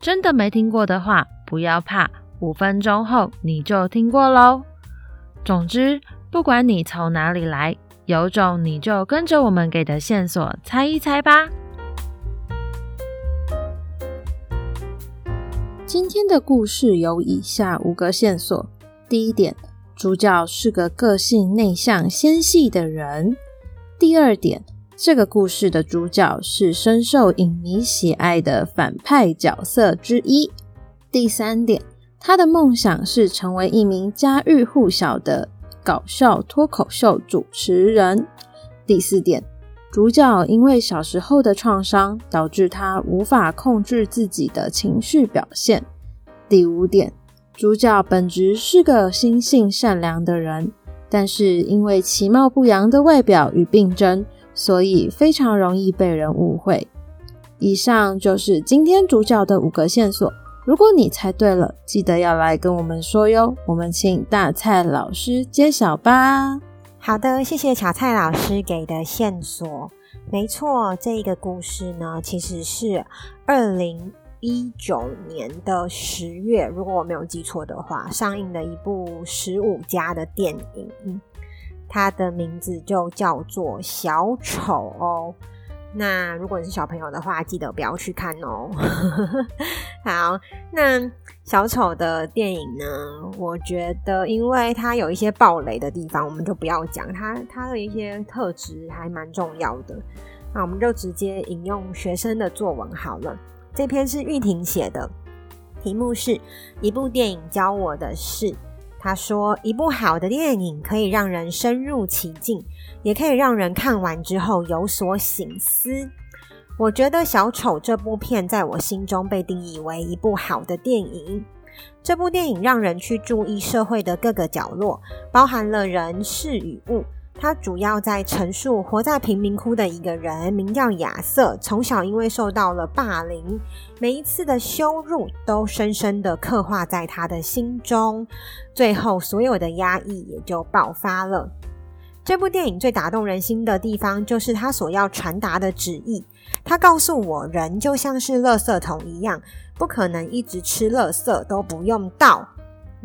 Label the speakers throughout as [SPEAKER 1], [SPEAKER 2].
[SPEAKER 1] 真的沒聽過的話，不要怕，五分鐘後你就聽過嘍。總之，不管你從哪裡來，有種你就跟着我們給的線索猜一猜吧。今天的故事有以下五個線索：第一點，主角是個個性內向、纖細的人；第二點。這個故事的主角是深受影迷喜愛的反派角色之一。第三點，他的夢想是成為一名家喻戶曉的搞笑脫口秀主持人。第四點，主角因為小時候的創傷，導致他無法控制自己的情緒表現。第五點，主角本質是個心性善良的人，但是因為其貌不揚的外表與病徵，所以非常容易被人誤會。以上就是今天主角的五個線索。如果你猜對了，記得要來跟我們說喲。我們請大蔡老師揭曉吧。好的，謝謝小蔡老師給的線索。沒錯，
[SPEAKER 2] 這個故事呢，其實是二零一九年的十月，如果我沒有記錯的話，上映的一部十五加的電影。嗯他的名字就叫做小丑哦。那如果你是小朋友的話，記得不要去看哦。 好，那小丑的電影呢，我覺得，因為它有一些爆雷的地方，我們就不要講。它它的一些特質還蠻重要的。那我們就直接引用學生的作文好了。這篇是玉婷寫的，題目是一部電影教我的事。他說：“一部好的電影可以讓人深入其境，也可以讓人看完之後有所省思。我覺得《小丑》這部片在我心中被定義為一部好的電影。這部電影讓人去注意社會的各個角落，包含了人、事與物。”他主要在陳述活在貧民窟的一個人，名叫亞瑟，從小因為受到了霸凌，每一次的羞辱都深深的刻畫在他的心中，最後所有的壓抑也就爆發了。這部電影最打動人心的地方，就是他所要傳達的旨意。他告訴我，人就像是垃圾桶一樣，不可能一直吃垃圾都不用倒。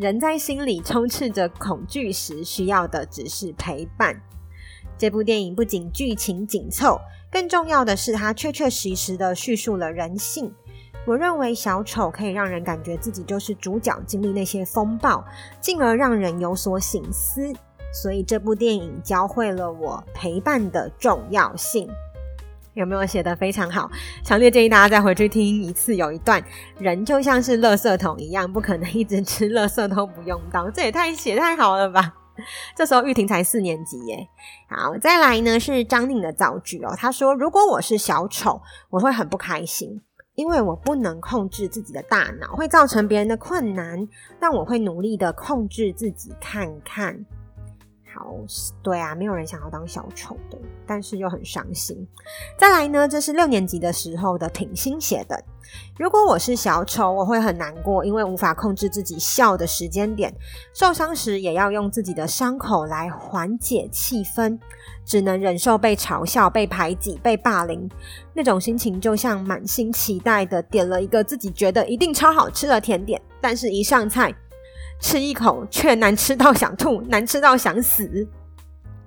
[SPEAKER 2] 人在心裡充斥着恐懼時，需要的只是陪伴。這部電影不僅劇情緊湊，更重要的是它確確實實的敘述了人性。我認為小丑可以讓人感覺自己就是主角，經歷那些風暴，進而讓人有所省思。所以這部電影教會了我陪伴的重要性。有沒有寫得非常好？強烈建議大家再回去聽一次。有一段人就像是垃圾桶一樣，不可能一直吃垃圾都不用倒，這也太寫太好了吧？這時候玉婷才四年級耶。好，再來呢是張寧的造句哦。他說：“如果我是小丑，我會很不開心，因為我不能控制自己的大腦，會造成別人的困難。但我會努力的控制自己，看看。”好，對啊，沒有人想要當小丑的，但是又很傷心。再來呢，這是六年級的時候的挺心寫的。如果我是小丑，我會很難過，因為無法控制自己笑的時間點。受傷時也要用自己的傷口來緩解氣氛，只能忍受被嘲笑、被排擠、被霸凌。那種心情就像滿心期待的點了一個自己覺得一定超好吃的甜點，但是一上菜。吃一口，卻難吃到想吐，難吃到想死。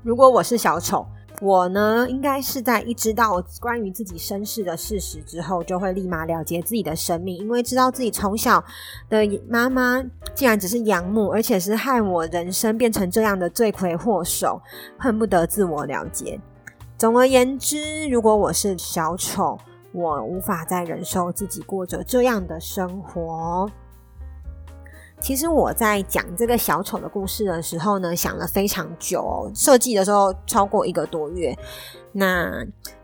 [SPEAKER 2] 如果我是小丑，我呢，應該是在一知道關於自己身世的事實之後，就會立馬了結自己的生命，因為知道自己從小的媽媽竟然只是養母，而且是害我人生變成這樣的罪魁禍首，恨不得自我了結。總而言之，如果我是小丑，我無法再忍受自己過着這樣的生活。其實我在講這個小丑的故事的時候呢，想了非常久哦，設計的時候超過一個多月。那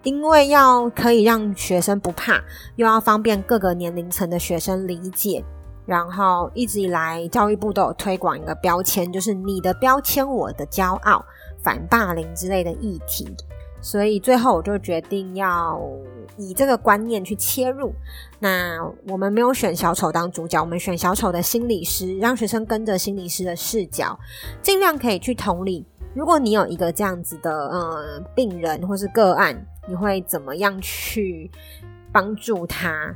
[SPEAKER 2] 因為要可以讓學生不怕，又要方便各個年齡層的學生理解，然後一直以來教育部都有推廣一個標籤，就是“你的標籤，我的驕傲”，反霸凌之類的議題。所以最後我就決定要以這個觀念去切入。那我們沒有選小丑當主角，我們選小丑的心理師，讓學生跟着心理師的視角，盡量可以去同理。如果你有一個這樣子的嗯、呃、病人或是個案，你會怎麼樣去幫助他？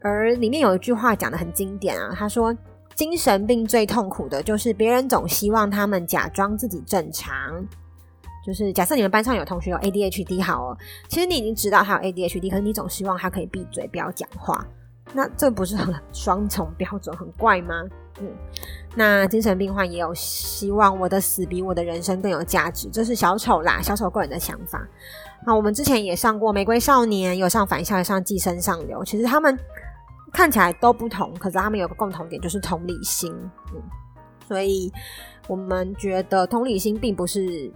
[SPEAKER 2] 而裡面有一句話講得很經典啊，他說：“精神病最痛苦的就是別人總希望他們假裝自己正常。”就是假設你們班上有同學有 ADHD 好了、哦，其實你已經知道他有 ADHD，可是你總希望他可以閉嘴不要講話，那這不是很雙重標準很怪嗎？嗯，那精神病患也有希望我的死比我的人生更有價值，這是小丑啦，小丑個人的想法。那我們之前也上過《玫瑰少年》，有上返校，有上《寄生上流》，其實他們看起來都不同，可是他們有個共同點就是同理心。嗯，所以我們覺得同理心並不是。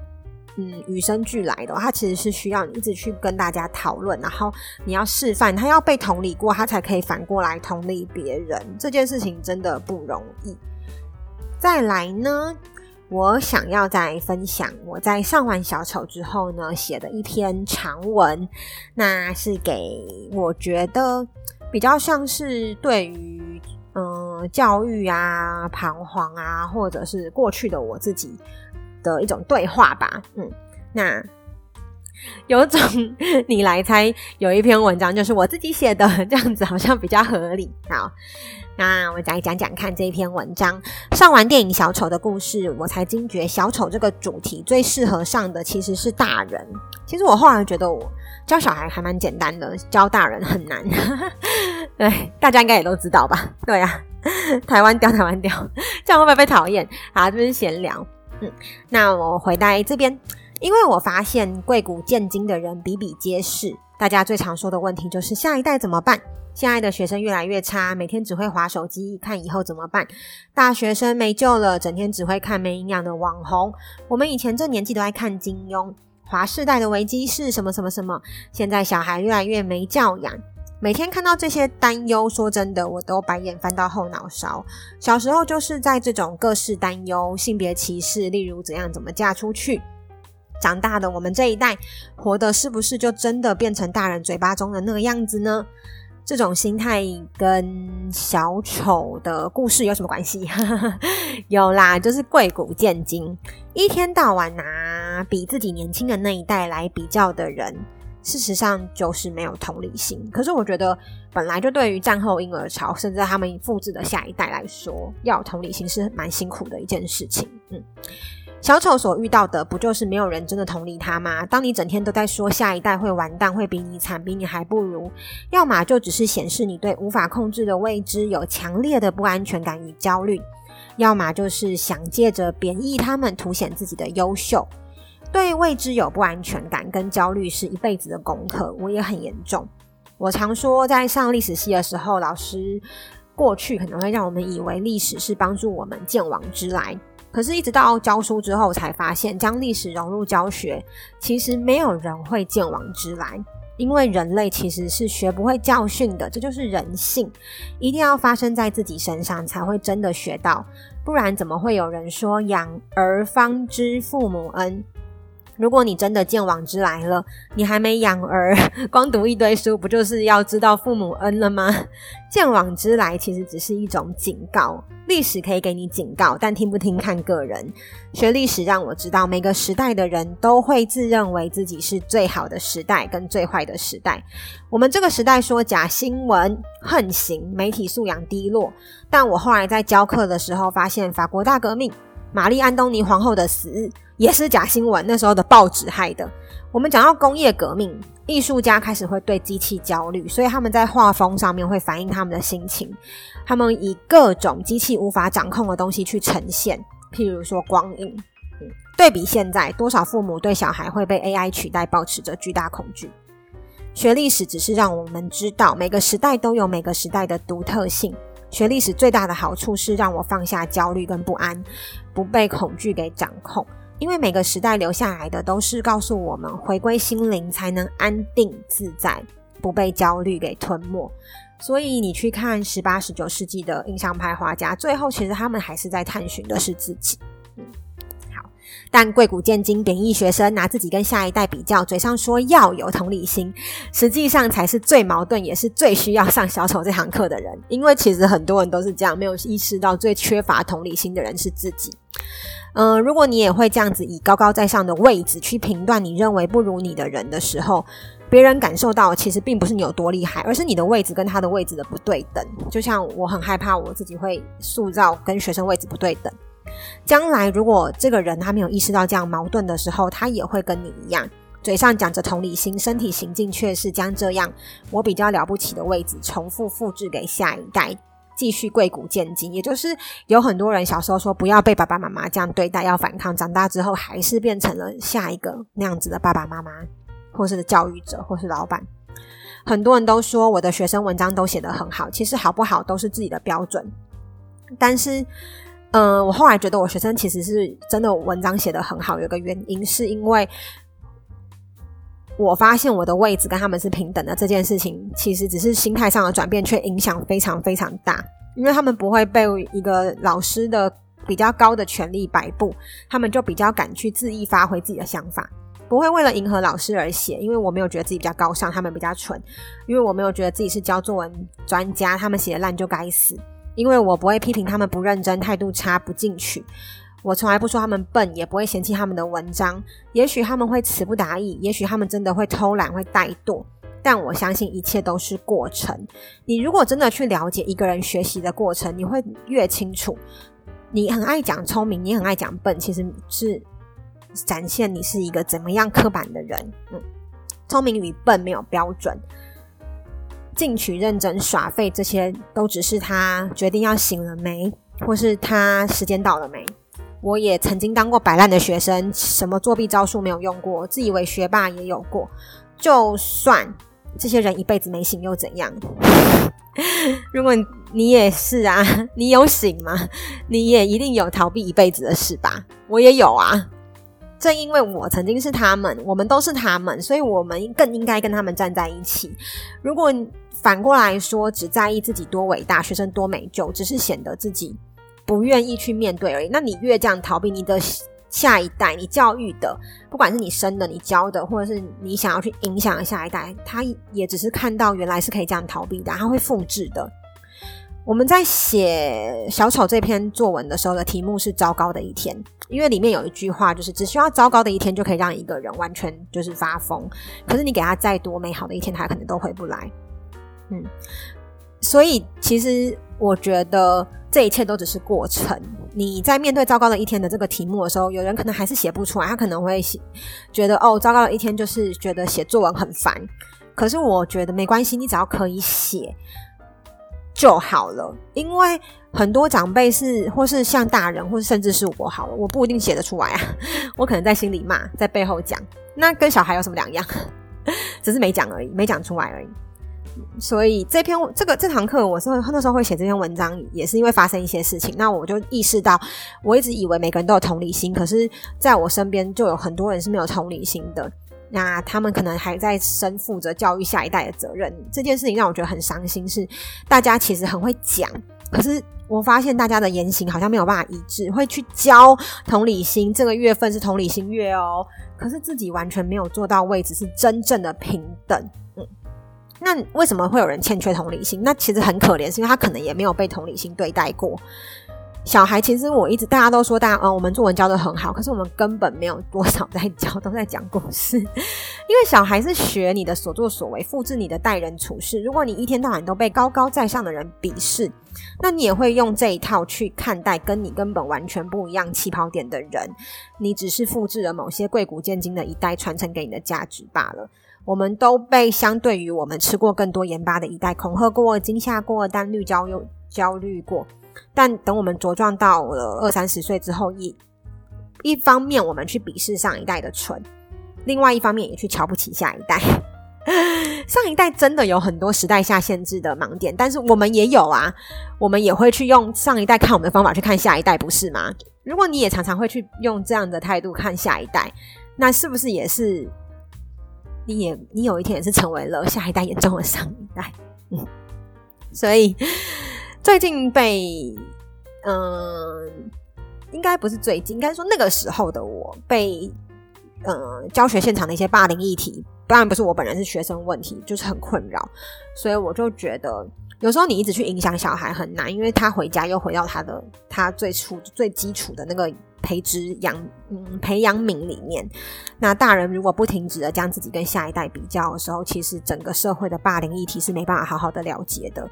[SPEAKER 2] 嗯，與生俱來的，他其實是需要你一直去跟大家討論，然後你要示範，他要被同理過，他才可以反過來同理別人。這件事情真的不容易。再來呢，我想要再分享我在上完小丑之後呢寫的一篇長文，那是給我覺得比較像是對於嗯、呃、教育啊、彷徨啊，或者是過去的我自己。的一種對話吧，嗯，那有種你來猜，有一篇文章就是我自己寫的，這樣子好像比較合理。好，那我再講講看這一篇文章。上完電影《小丑的故事》，我才驚覺小丑這個主題最適合上的其實是大人。其實我後來覺得，我教小孩還蠻簡單的，教大人很難。呵呵，對，大家應該也都知道吧？對啊，台灣掉，台灣掉，這樣會不會被討厭？好，這邊閒聊。嗯，那我回到這邊，因為我發現貴古賤今的人比比皆是。大家最常說的問題就是下一代怎麼辦？現在的學生越來越差，每天只會滑手機，看以後怎麼辦？大學生沒救了，整天只會看沒營養的網紅。我們以前這年紀都愛看金庸，滑世代的危機是什麼什麼什麼，現在小孩越來越沒教養。每天看到這些擔憂，說真的，我都白眼翻到後腦勺。小時候就是在這種各式擔憂、性別歧視，例如怎樣怎麼嫁出去。長大的我們這一代，活的是不是就真的變成大人嘴巴中的那個樣子呢？這種心態跟小丑的故事有什麼關係？ 有啦，就是貴古賤今，一天到晚拿、啊、比自己年輕的那一代來比較的人。事實上，就是沒有同理心。可是我覺得，本來就對於戰後嬰兒潮，甚至他們複製的下一代來說，要有同理心是蠻辛苦的一件事情。嗯，小丑所遇到的，不就是沒有人真的同理他嗎？當你整天都在說下一代會完蛋，會比你慘，比你還不如，要麼就只是顯示你對無法控制的未知有強烈的不安全感與焦慮，要麼就是想借着貶抑他們，凸顯自己的優秀。對未知有不安全感跟焦慮是一輩子的功課，我也很嚴重。我常說，在上歷史系的時候，老師過去可能會讓我們以為歷史是幫助我們鑑往知來，可是一直到教書之後，才發現將歷史融入教學，其實沒有人會鑑往知來，因為人類其實是學不會教訓的，這就是人性。一定要發生在自己身上，才會真的學到，不然怎麼會有人說養兒方知父母恩？如果你真的見往之來了，你還沒養兒，光讀一堆書，不就是要知道父母恩了嗎？見往之來其實只是一種警告，歷史可以給你警告，但聽不聽看個人。學歷史讓我知道，每個時代的人都會自認為自己是最好的時代跟最壞的時代。我們這個時代說假新聞橫行，媒體素養低落，但我後來在教課的時候發現，法國大革命，瑪麗·安東尼皇後的死。也是假新聞，那時候的報紙害的。我們講到工業革命，藝術家開始會對機器焦慮，所以他們在畫風上面會反映他們的心情。他們以各種機器無法掌控的東西去呈現，譬如說光影。對比現在，多少父母對小孩會被 AI 取代，抱持著巨大恐懼。學歷史只是讓我們知道每個時代都有每個時代的獨特性。學歷史最大的好處是讓我放下焦慮跟不安，不被恐懼給掌控。因為每個時代留下來的都是告訴我們，回歸心靈才能安定自在，不被焦慮給吞沒。所以你去看十八、十九世紀的印象派畫家，最後其實他們還是在探尋的是自己。嗯，好，但貴古賤今、貶抑學生拿自己跟下一代比較，嘴上說要有同理心，實際上才是最矛盾，也是最需要上小丑這堂課的人。因為其實很多人都是這樣，沒有意識到最缺乏同理心的人是自己。嗯、呃，如果你也會這樣子以高高在上的位置去評斷你認為不如你的人的時候，別人感受到其實並不是你有多厲害，而是你的位置跟他的位置的不對等。就像我很害怕我自己會塑造，跟學生位置不對等。將來如果這個人他沒有意識到這樣矛盾的時候，他也會跟你一樣，嘴上講着同理心，身體行徑卻是將這樣我比較了不起的位置重複複製給下一代。繼續貴骨見金，也就是有很多人小時候說不要被爸爸媽媽這樣對待，要反抗，長大之後還是變成了下一個那樣子的爸爸媽媽，或是教育者，或是老闆。很多人都說我的學生文章都寫得很好，其實好不好都是自己的標準。但是，嗯、呃，我後來覺得我學生其實是真的文章寫得很好，有個原因是因為。我發現我的位置跟他們是平等的這件事情，其實只是心態上的轉變，卻影響非常非常大。因為他們不會被一個老師的比較高的權力擺布，他們就比較敢去恣意發揮自己的想法，不會為了迎合老師而寫。因為我沒有覺得自己比較高尚，他們比較蠢；因為我沒有覺得自己是教作文專家，他們寫的爛就該死；因為我不會批評他們不認真、態度差、不進取。我從來不說他們笨，也不會嫌棄他們的文章。也許他們會詞不達意，也許他們真的會偷懶、會怠惰。但我相信一切都是過程。你如果真的去了解一個人學習的過程，你會越清楚。你很愛講聰明，你很愛講笨，其實是展現你是一個怎麼樣刻板的人。嗯，聰明與笨沒有標準。進取、認真、耍廢這些都只是他決定要醒了沒，或是他時間到了沒。我也曾經當過擺爛的學生，什麼作弊招數沒有用過，自以為學霸也有過。就算這些人一輩子沒醒又怎樣？如果你也是啊，你有醒嗎？你也一定有逃避一輩子的事吧？我也有啊。正因為我曾經是他們，我們都是他們，所以我們更應該跟他們站在一起。如果反過來說，只在意自己多偉大，學生多沒救，就只是顯得自己不願意去面對而已。那你越這樣逃避，你的下一代，你教育的，不管是你生的、你教的，或者是你想要去影響下一代，他也只是看到原來是可以這樣逃避的，他會複制的。我們在寫《小丑》這篇作文的時候的題目是“糟糕的一天”，因為裡面有一句話就是：“只需要糟糕的一天就可以讓一個人完全就是發瘋。”可是你給他再多美好的一天，他可能都回不來。嗯，所以其實。我覺得這一切都只是過程。你在面對糟糕的一天的這個題目的時候，有人可能還是寫不出來，他可能會覺得哦，糟糕的一天就是覺得寫作文很煩。可是我覺得沒關係，你只要可以寫就好了。因為很多長輩是，或是像大人，或是甚至是我好了，我不一定寫得出來啊，我可能在心裡罵，在背後講，那跟小孩有什麼兩樣？只是沒講而已，沒講出來而已。所以這篇這個這堂課，我是會那時候會寫這篇文章，也是因為發生一些事情。那我就意識到，我一直以為每個人都有同理心，可是在我身邊就有很多人是沒有同理心的。那他們可能還在身負著教育下一代的責任。這件事情讓我覺得很傷心，是大家其實很會講，可是我發現大家的言行好像沒有辦法一致。會去教同理心，這個月份是同理心月哦，可是自己完全沒有做到位置，是真正的平等。嗯。那為什麼會有人欠缺同理心？那其實很可憐，是因為他可能也沒有被同理心對待過。小孩其實我一直大家都說，大家呃、嗯，我們作文教得很好，可是我們根本沒有多少在教，都在講故事。 因為小孩是學你的所作所為，複製你的待人處事。如果你一天到晚都被高高在上的人鄙視，那你也會用這一套去看待跟你根本完全不一樣起跑點的人。你只是複製了某些貴古賤今的一代傳承給你的價值罷了。我們都被相對於我們吃過更多鹽巴的一代恐嚇過、驚嚇過，但慮焦又焦慮過。但等我們茁壯到了二三十歲之後，一一方面我們去鄙視上一代的蠢，另外一方面也去瞧不起下一代。 上一代真的有很多時代下限制的盲點，但是我們也有啊。我們也會去用上一代看我們的方法去看下一代，不是嗎？如果你也常常會去用這樣的態度看下一代，那是不是也是？你也，你有一天也是成為了下一代眼中的上一代，嗯， 所以最近被，嗯、呃，應該不是最近，應該說那個時候的我被，嗯、呃，教學現場的一些霸凌議題，當然不是我本人，是學生問題，就是很困擾，所以我就覺得。有時候你一直去影響小孩很難，因為他回家又回到他的他最初最基礎的那個培植養嗯培養皿裡面。那大人如果不停止的將自己跟下一代比較的時候，其實整個社會的霸凌議題是沒辦法好好的了解的，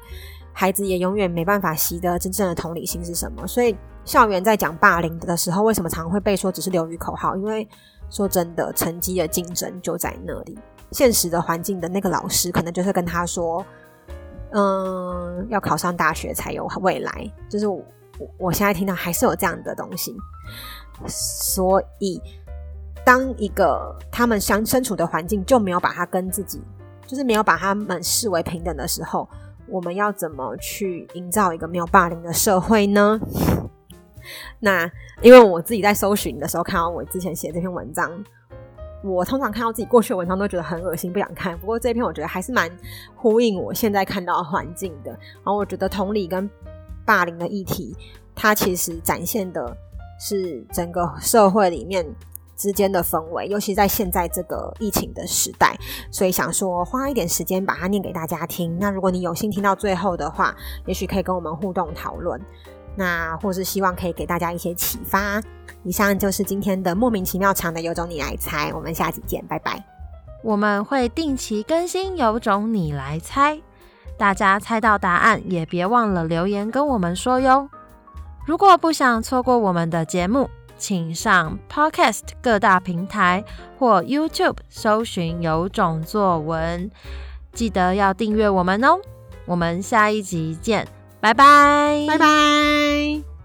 [SPEAKER 2] 孩子也永遠沒辦法習得真正的同理心是什麼。所以校園在講霸凌的時候，為什麼常會被說只是流於口號？因為說真的，成績的競爭就在那裡，現實的環境的那個老師可能就是跟他說。嗯，要考上大學才有未來，就是我我現在聽到還是有這樣的東西，所以當一個他們相身處的環境就沒有把他跟自己，就是沒有把他們視為平等的時候，我們要怎麼去營造一個沒有霸凌的社會呢？ 那因為我自己在搜尋的時候，看到我之前寫這篇文章。我通常看到自己過去的文章都覺得很噁心，不想看。不過這一篇我覺得還是蠻呼應我現在看到環境的。然後我覺得同理跟霸凌的議題，它其實展現的是整個社會裡面之間的氛圍，尤其在現在這個疫情的時代。所以想說花一點時間把它念給大家聽。那如果你有心聽到最後的話，也許可以跟我們互動討論。那或是希望可以給大家一些啟發。以上就是今天的莫名其妙
[SPEAKER 1] 長的有種你來猜，我們下集見，拜拜。我們會定期更新有種你來猜，大家猜到答案也別忘了留言跟我們說喲。如果不想錯過我們的節目，請上 Podcast 各大平台或 YouTube 搜尋有種作文，記得要訂閱我們哦、喔。我們下一集見。拜拜，拜拜。